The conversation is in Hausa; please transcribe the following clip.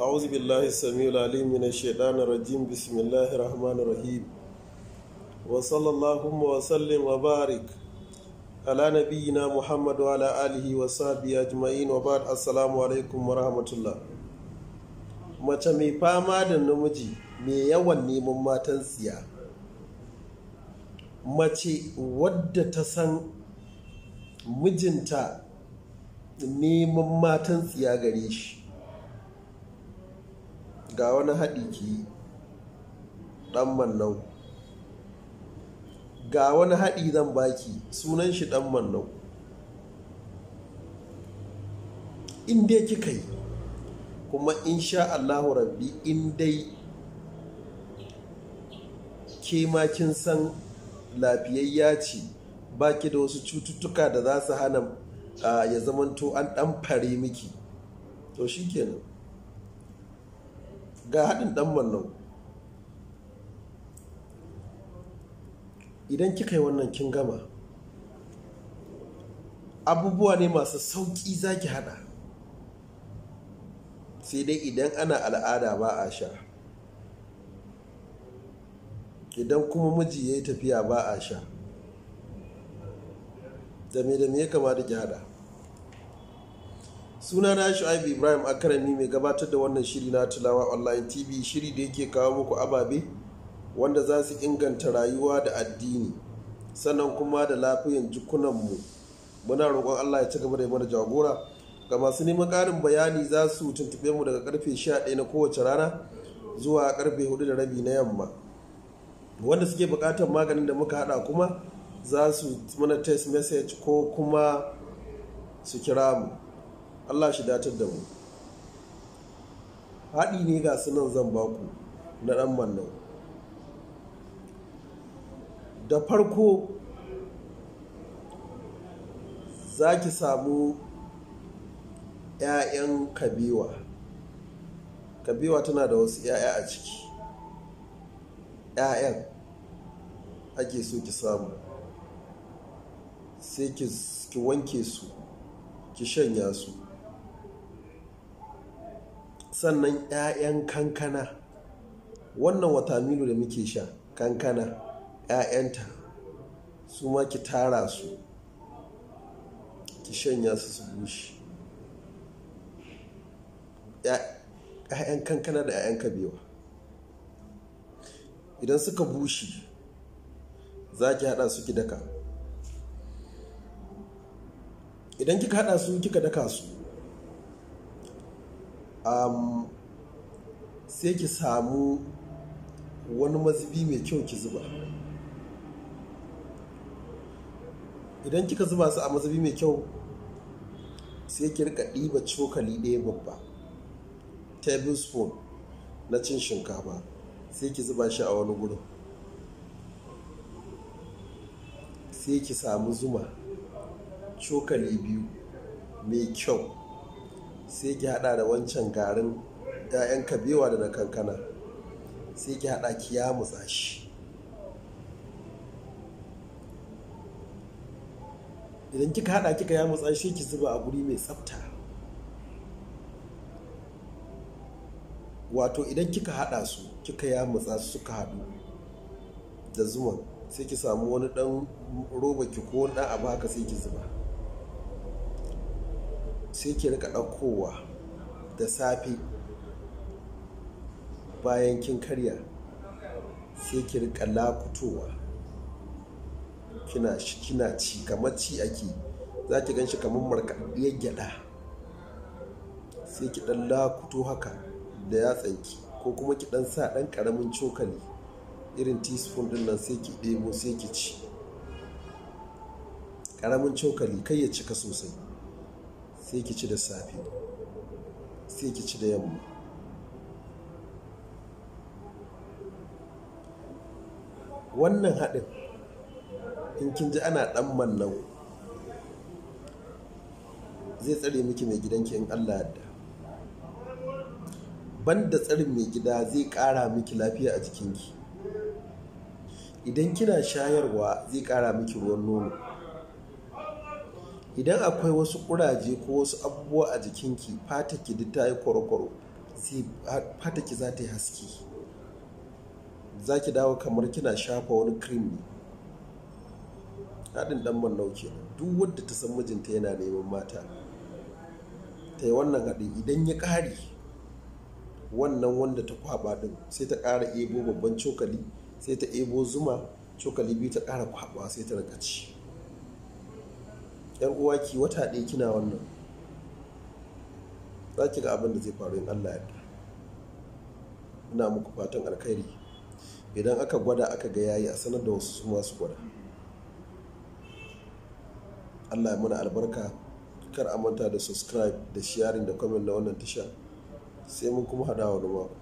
a'udhu billahi samiul alim min ash-shaytanir rahmanir rahim wa sallallahu wa sallim wa barik ala nabiyyina muhammad wa alihi wa sahbihi ajma'in wa assalamu alaikum wa rahmatullah mace mai fama da namiji mai yawan neman matan siya mace wadda ta san mijinta neman matan siya gare shi ga wani haɗi ki ɗan mannau ga wani haɗi zan baki sunan shi ɗan mannau in dai kika yi kuma insha allahu rabbi in dai ke makin san lafiyayya ce ba ki da wasu cututtuka da za su hana ya zamanto an ɗan fare miki to shi kenan ga haɗin ɗan wannan idan kika yi wannan kin gama abubuwa ne masu sauƙi za ki haɗa sai dai idan ana al'ada ba a sha idan kuma miji ya yi tafiya ba a sha dame-dame ya da ki haɗa suna na shu'aibu ibrahim akarami mai gabatar da wannan shiri na tulawa online tv shiri da yake kawo muku ababe wanda za su inganta rayuwa da addini sannan kuma da lafiyan jikunanmu muna roƙon allah ya ci gaba da mana jagora ga masu neman ƙarin bayani za su tuntube mu daga karfe 11 na kowace rana zuwa karfe 4 da rabi na yamma wanda suke buƙatar maganin da muka haɗa kuma za su mana text message ko kuma su kira mu allah shi datar da mu haɗi ne ga sunan zan baku na ɗan mannan da farko za ki samu 'ya'yan kabewa kabewa tana da wasu 'ya'ya a ciki 'ya'yan ake so ki samu sai ki wanke su ki shanya su sannan 'ya'yan kankana wannan watamilo da muke sha kankana 'ya'yanta su ma ki tara su ki shanya su su bushe 'ya'yan kankana da 'ya'yan kabewa idan suka bushe za ki hada su ki daka idan kika hada su kika daka su um, sai ki samu wani mazubi mai kyau ki zuba idan kika zuba su a mazubi mai kyau sai ki rika ɗiba cokali ɗaya babba tablespoon na cin shinkafa sai ki zuba shi a wani gudu, sai ki samu zuma cokali biyu mai kyau sai ki hada da wancan garin 'ya'yan kabewa da na kankana sai ki hada ki ya mutsa shi idan kika hada kika ya mutsa shi ki zuba a guri mai tsafta wato idan kika hada su kika ya mutsa su suka hadu da zuman sai ki samu wani dan roba ki ko wani dan abu haka sai ki zuba sai ki rika ɗaukowa da safe bayan kin karya sai ki rika lakutowa kina kina ci kamar ci ake za ki gan shi kamar markaɗaɗɗiyar gyaɗa sai ki ɗan lakuto haka da yatsanki ko kuma ki ɗan sa ɗan ƙaramin cokali irin teaspoon ɗin nan sai ki ɗebo sai ki ci ƙaramin cokali kai ya cika sosai sai ki ci da safe sai ki ci da yamma wannan haɗin in kin ji ana ɗan mannau zai tsare miki mai gidanki in allah yadda banda tsarin mai gida zai ƙara miki lafiya a jikinki idan kina shayarwa zai ƙara miki ruwan nono idan akwai wasu kuraje ko wasu abubuwa a jikinki fataki duk ta yi kwarokwaro fataki za ta yi haske za ki dawo kamar kina shafa wani cream ne haɗin ɗan mannau duk wadda ta san mijinta yana neman mata ta yi wannan haɗin idan ya ƙare wannan wanda ta kwaba ɗin sai ta ƙara ebo babban cokali sai ta ebo zuma cokali biyu ta ƙara kwaba sai ta rika yan uwa ki wata ɗaya kina wannan za ki ga abin da zai faru in Allah ya ina muku fatan alkhairi idan aka gwada aka ga yayi a sanar da wasu su su gwada Allah ya muna albarka kar a manta da subscribe da sharing da comment na wannan tasha sai mun kuma hada wani mako